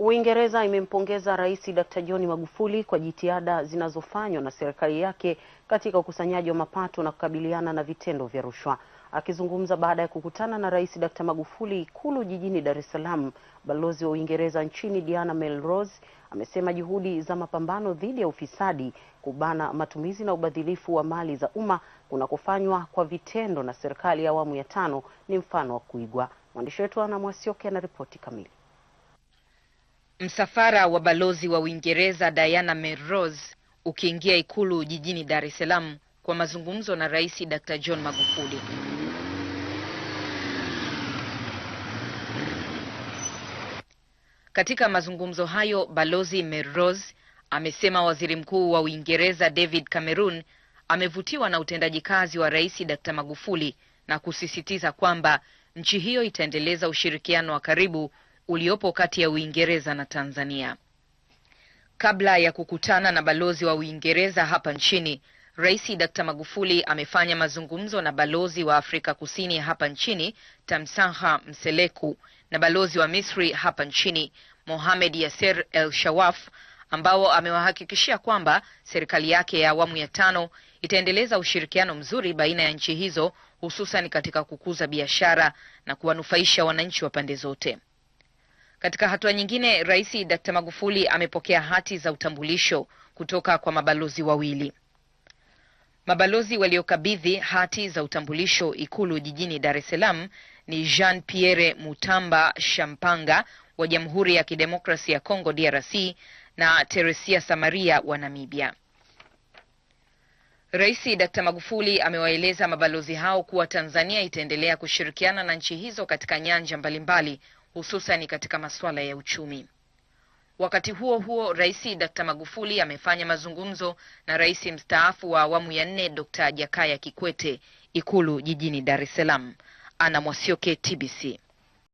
Uingereza imempongeza Rais Dr. John Magufuli kwa jitihada zinazofanywa na serikali yake katika ukusanyaji wa mapato na kukabiliana na vitendo vya rushwa. Akizungumza baada ya kukutana na Rais Dr. Magufuli Ikulu jijini Dar es Salaam, balozi wa Uingereza nchini Diana Melrose amesema juhudi za mapambano dhidi ya ufisadi, kubana matumizi na ubadhilifu wa mali za umma kunakofanywa kwa vitendo na serikali ya awamu ya tano ni mfano wa kuigwa. Mwandishi wetu Ana Mwasioke anaripoti kamili. Msafara wa balozi wa Uingereza Diana Melrose ukiingia ikulu jijini Dar es Salaam kwa mazungumzo na Rais Dr. John Magufuli. Katika mazungumzo hayo, balozi Melrose amesema waziri mkuu wa Uingereza David Cameron amevutiwa na utendaji kazi wa Rais Dr. Magufuli na kusisitiza kwamba nchi hiyo itaendeleza ushirikiano wa karibu uliopo kati ya Uingereza na Tanzania. Kabla ya kukutana na balozi wa Uingereza hapa nchini, Rais Dr. Magufuli amefanya mazungumzo na balozi wa Afrika Kusini hapa nchini, Tamsanha Mseleku, na balozi wa Misri hapa nchini, Mohamed Yasser El Shawaf, ambao amewahakikishia kwamba serikali yake ya awamu ya tano itaendeleza ushirikiano mzuri baina ya nchi hizo, hususan katika kukuza biashara na kuwanufaisha wananchi wa pande zote. Katika hatua nyingine, Rais Dkt. Magufuli amepokea hati za utambulisho kutoka kwa mabalozi wawili. Mabalozi waliokabidhi hati za utambulisho Ikulu jijini Dar es Salaam ni Jean Pierre Mutamba Shampanga wa Jamhuri ya Kidemokrasia ya Kongo DRC na Teresia Samaria wa Namibia. Rais Dkt. Magufuli amewaeleza mabalozi hao kuwa Tanzania itaendelea kushirikiana na nchi hizo katika nyanja mbalimbali hususan katika masuala ya uchumi. Wakati huo huo, Rais Dkt. Magufuli amefanya mazungumzo na rais mstaafu wa awamu ya nne Dkt. Jakaya Kikwete Ikulu jijini Dar es Salaam. Ana Mwasioke, TBC.